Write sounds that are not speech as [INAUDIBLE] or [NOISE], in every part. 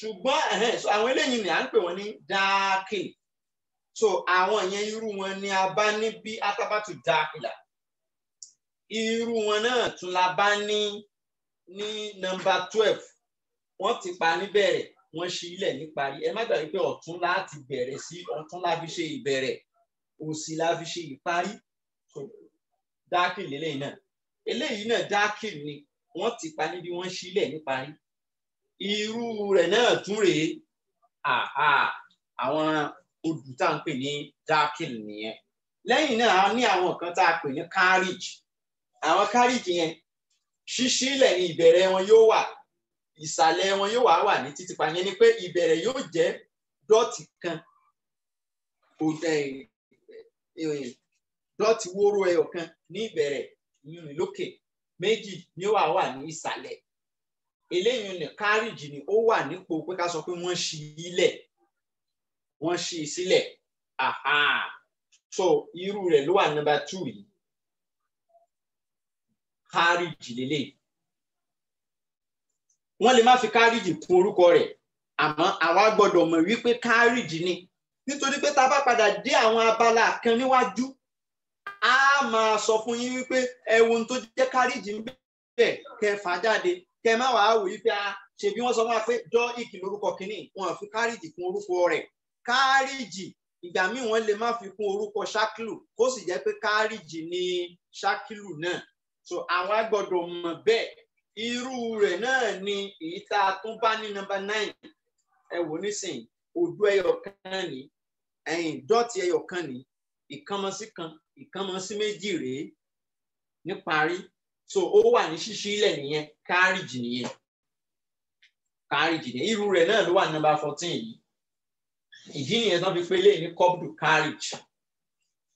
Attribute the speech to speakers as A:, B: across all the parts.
A: ṣùgbọ́n so àwọn eléyìí ni à ń pè wọ́n ní dáàkì so àwọn yẹn irú wọn ni a bá ní bí atábàtú dáàkìlà irú wọn náà tún la bá ní ní nọ́mbà twelve wọ́n ti pa níbẹ̀rẹ̀ wọ́n ṣí ilẹ̀ níparí ẹ má gbàgbé pé ọ̀tún láti bẹ̀rẹ̀ sí ọ̀tún la fi ṣe ìbẹ̀rẹ̀ òsì la fi ṣe ìparí so dáàkì lélẹ́yìn náà eléyìí náà dáàkì ni wọ́n ti pa níbi wọ́n ṣí ilẹ̀ níparí irú rẹ̀ náà tún rèé àwọn odù tá à ń pè ní dákìl nìyẹn lẹ́yìn náà a ní àwọn kan tá a pè ní kárìjì àwọn kárìjì yẹn ṣíṣílẹ̀ ní ìbẹ̀rẹ̀ wọn yóò wà ìsàlẹ̀ wọn yóò wà wà ní títí pa yẹn ni pé ìbẹ̀rẹ̀ yóò jẹ́ dọ́ọ̀tì kan eh, eh, dọ́ọ̀tì wóró ẹyọ kan ní ìbẹ̀rẹ̀ lókè méjì ni ó wà wà ní ìsàlẹ̀ eléyìí ní kárìjì ni ó wà nípò pé ká sọ pé wọ́n ṣí ilẹ̀ wọ́n ṣí sílẹ̀ aha so irú rẹ̀ ló wà nọ́mbà two yìí kárìjì lélẹ̀ wọ́n lè má fi kárìjì kún orúkọ rẹ̀ àmọ́ àwa gbọ́dọ̀ mọ̀ wípé kárìjì ni nítorí pé tá a bá padà dé àwọn abala kan níwájú a máa sọ fún yín wípé ẹ̀wọ̀n tó jẹ́ kárìjì ń bẹ̀ kẹfà jáde kẹ má wàá wò yí pé a ah, ṣe bí wọ́n sọ wá pé dọ́ ìkì lórúkọ kínní wọn fi kárìjì kún orúkọ rẹ̀ kárìjì ìgbà míì wọ́n lè má fi kún orúkọ ṣákìlù kó sì jẹ́ pé kárìjì ni ṣákìlù náà so àwa gbọ́dọ̀ mọ̀ bẹ́ẹ̀ irú rẹ̀ náà ni èyí tá a tún bá ní nọ́mbà nine ẹ wò nísìnyí ojú ẹyọ kan ní ẹ̀yìn dọ́ọ̀tì ẹyọ kan ní ìkànmọ́sí kan ìkànmọ́sí méjì rèé níparí so ó wà ní ṣíṣí ilẹ̀ nìyẹn kárìjì nìyẹn kárìjì nìyẹn irú rẹ̀ náà ló wà nọ́mbà fourteen yìí ìdí nìyẹn tó fi pé lé ní kọ́bdù kárìjì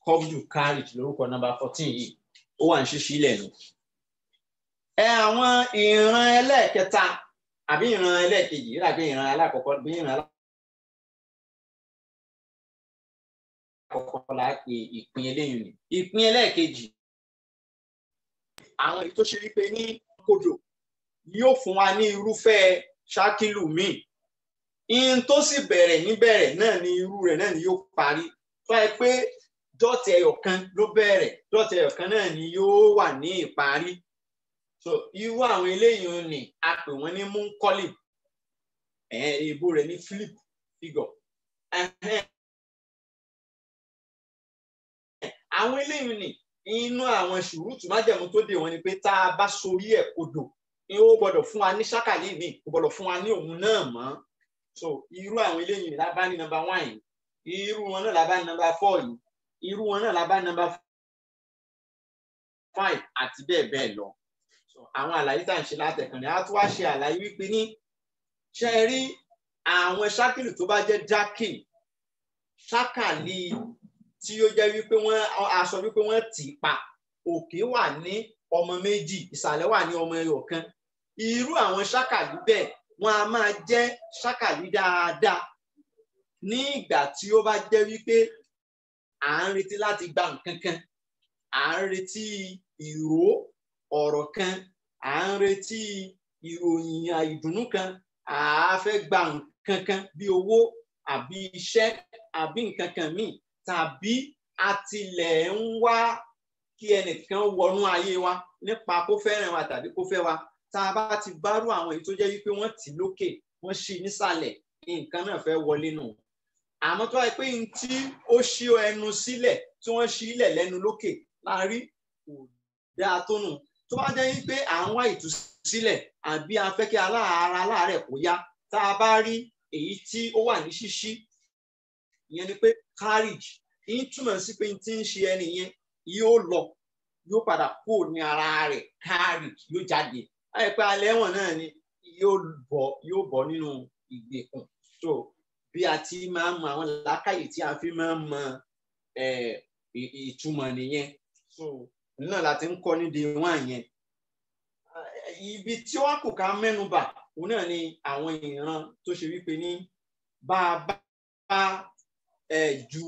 A: kọ́bdù kárìjì lórúkọ nọ́mbà fourteen yìí ó wà ní ṣíṣí ilẹ̀ nù. ẹ àwọn ìran ẹlẹ́ẹ̀kẹta àbí ìran ẹlẹ́ẹ̀kejì ìràgbé ìran alákọ̀ọ́kọ́ bí ìran alákọ̀ọ́kọ́ àkọ́kọ́ la pe ìpín eléyìí ni ìpín ẹlẹ́ẹ̀kejì àwọn èyí tó ṣe wípé ní kodò yóò fún wa ní irúfẹ́ ṣákìlù míì ihun tó sì bẹ̀rẹ̀ níbẹ̀rẹ̀ náà ni irú rẹ̀ náà ni yóò parí tó yẹ pé dọ́ọ̀tì ẹyọ̀kan ló bẹ̀rẹ̀ dọ́ọ̀tì ẹyọ̀kan náà ni yóò wà ní ìparí so irú àwọn eléyìí ni a pè wọ́n ní munkoli èèbó rẹ̀ ní flip figure àwọn eléyìí ni inú àwọn ṣùrùtù májẹ̀mú tó dé wọn ni pé tá a bá sorí ẹ̀ kodò ni ó gbọ́dọ̀ fún wa ní ṣákàlì mi kò gbọ́dọ̀ fún wa ní òun náà mọ́ so irú àwọn eléyìí lábá ní nọ́mbà one yìí irú wọn náà lábá ní nọ́mbà four yìí irú wọn náà lábá ní nọ́mbà five àti bẹ́ẹ̀ bẹ́ẹ̀ lọ so àwọn àlàyé tá à ń ṣe látẹ̀kànnì á tún wá ṣe àlàyé wípé ní ṣe rí àwọn ṣákìlì tó bá jẹ́ dákì ṣákàlì tí ó jẹ́ wípé wọ́n aṣọ wípé wọ́n tì í pa òkè wà ní ọmọ méjì ìsàlẹ̀ wà ní ọmọ ẹyọ kan irú àwọn ṣákàlì bẹ́ẹ̀ wọ́n a máa jẹ́ ṣákàlì dáadáa ní ìgbà tí ó bá jẹ́ wípé à ń retí láti gba nǹkan kan à ń retí ìró ọ̀rọ̀ kan à ń retí ìròyìn àìdùnnú kan à á fẹ́ gba nǹkan kan bí owó àbí iṣẹ́ àbí nǹkan kan míì tàbí a tilẹ̀ ń wá kí ẹnìkan wọnú ayé wa nípa kó fẹ́ràn wa tàbí kó fẹ́ wa tá a bá ti bárú àwọn èyí tó jẹ́ wípé wọ́n tì lókè wọ́n ṣì nísàlẹ̀ nǹkan náà fẹ́ wọlé nù. àmọ́ tó wáyé pé n tí ó ṣí ẹnu sílẹ̀ tí wọ́n ṣí ilẹ̀ lẹ́nu lókè láàrí kò dáa tó nù tó bá jẹ́ wípé à ń wá ìtúsílẹ̀ àbí a aláàárá aláàárẹ̀ kó yá tá a bá rí èyí tí ó wà ní ṣíṣí ìyẹn ni pé carriage ń túmọ̀ sí pé tí ń ṣe ẹni yẹn yóò lọ yóò padà kó ní ara rẹ̀ carriage yóò jáde àìpẹ́ alẹ́ wọn náà ni yóò bọ̀ yóò bọ̀ nínú ìgbèkùn so bí a ti máa ń mọ àwọn làákàyè tí a fi máa ń mọ ìtumọ̀ nìyẹn so náà láti ń kọ́ ní day one yẹn ibi tí wọ́n kò ká mẹ́nubà òun náà ni àwọn ìran tó ṣe wípé ní bá a bá ju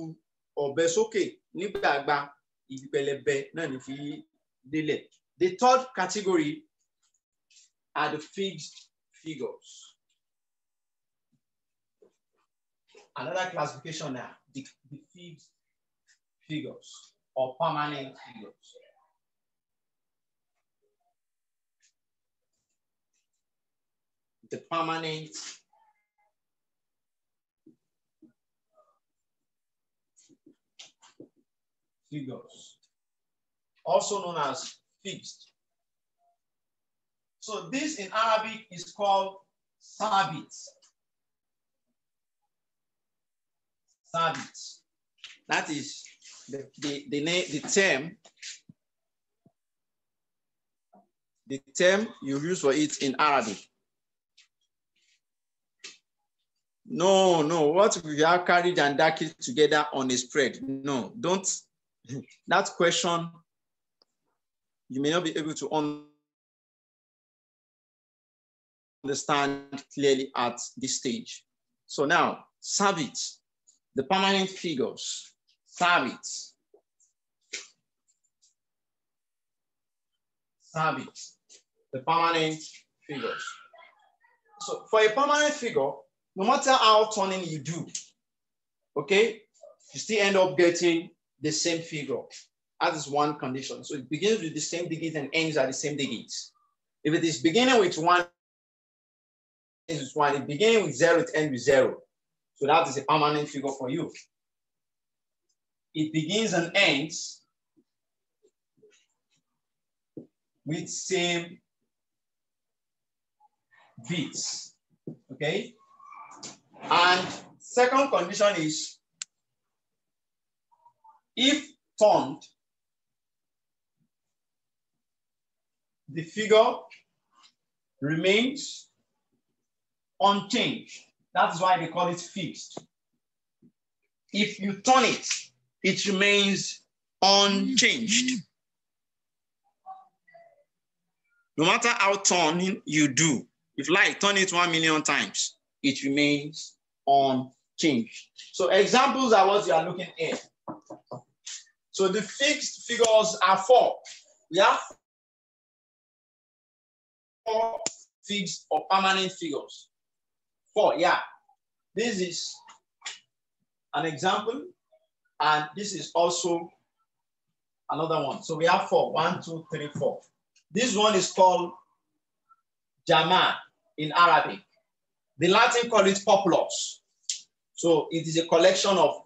A: ọ̀bẹ sókè nígbàgbà ìpẹlẹbẹ náà ní fi délẹ̀. The third category are the fixed figures. Another classification now, the, the fixed figures or permanent figures. The permanent figures, also known as fixed. So this in Arabic is called sabit. Sabit. That is the, the, the, name, the term, the term you use for it in Arabic. No, no, what we have carried and dark together on a spread. No, don't [CLEARS THROAT] that question, you may not be able to understand clearly at this stage. So now, Savits, the permanent figures, Savits, Savits, the permanent figures. So for a permanent figure, no matter how turning you do, okay, you still end up getting the same figure. That is one condition. So it begins with the same digits and ends at the same digits. If it is beginning with one, it is one. It begins with zero, it ends with zero. So that is a permanent figure for you. It begins and ends with same bits, okay? And second condition is if formed, the figure remains unchanged. That's why they call it fixed. If you turn it, it remains unchanged. No matter how turning you do, if like turn it one million times, it remains unchanged. So examples are what you are looking at. So the fixed figures are four. yeah. four fixed or permanent figures. Four, yeah. This is an example, and this is also another one. So we have four. One, two, three, four. This one is called jama in Arabic. The Latin call it populus. So it is a collection of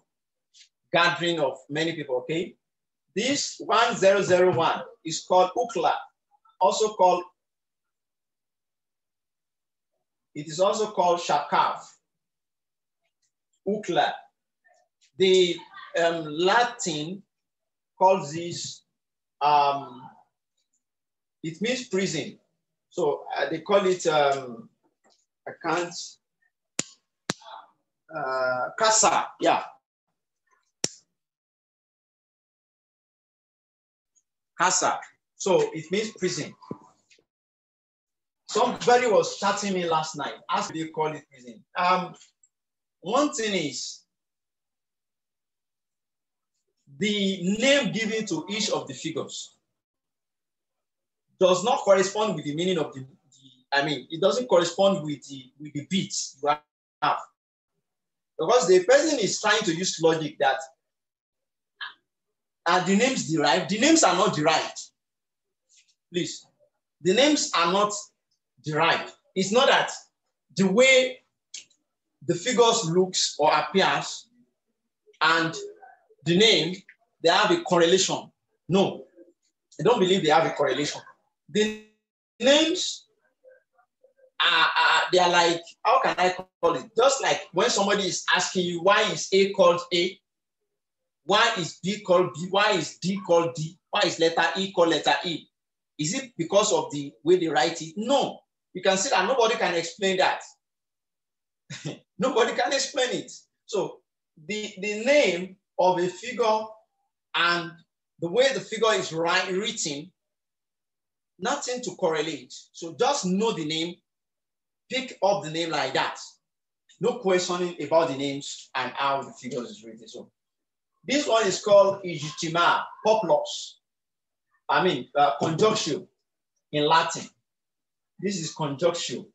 A: gathering of many people, okay? This 1001 is called UCLA, also called, it is also called Shakav, UCLA. The um, Latin calls this, um, it means prison. So uh, they call it, um, I can't, uh, casa, yeah, Casa. So it means prison. Somebody was chatting me last night. Ask they call it prison. Um, one thing is the name given to each of the figures does not correspond with the meaning of the, the I mean, it doesn't correspond with the with the beats you have. Because the person is trying to use logic that are the names derived? The names are not derived. Please. The names are not derived. It's not that the way the figures looks or appears and the name, they have a correlation. No, I don't believe they have a correlation. The names are, are, they are like, how can I call it? Just like when somebody is asking you why is A called A, why is B called B? Why is D called D? Why is letter E called letter E? Is it because of the way they write it? No. You can see that nobody can explain that. [LAUGHS] nobody can explain it. So the, the name of a figure and the way the figure is write, written, nothing to correlate. So just know the name, pick up the name like that. No questioning about the names and how the figures is written. So this one is called ijitima, populus. I mean, uh, conjunction in Latin. This is conjunction.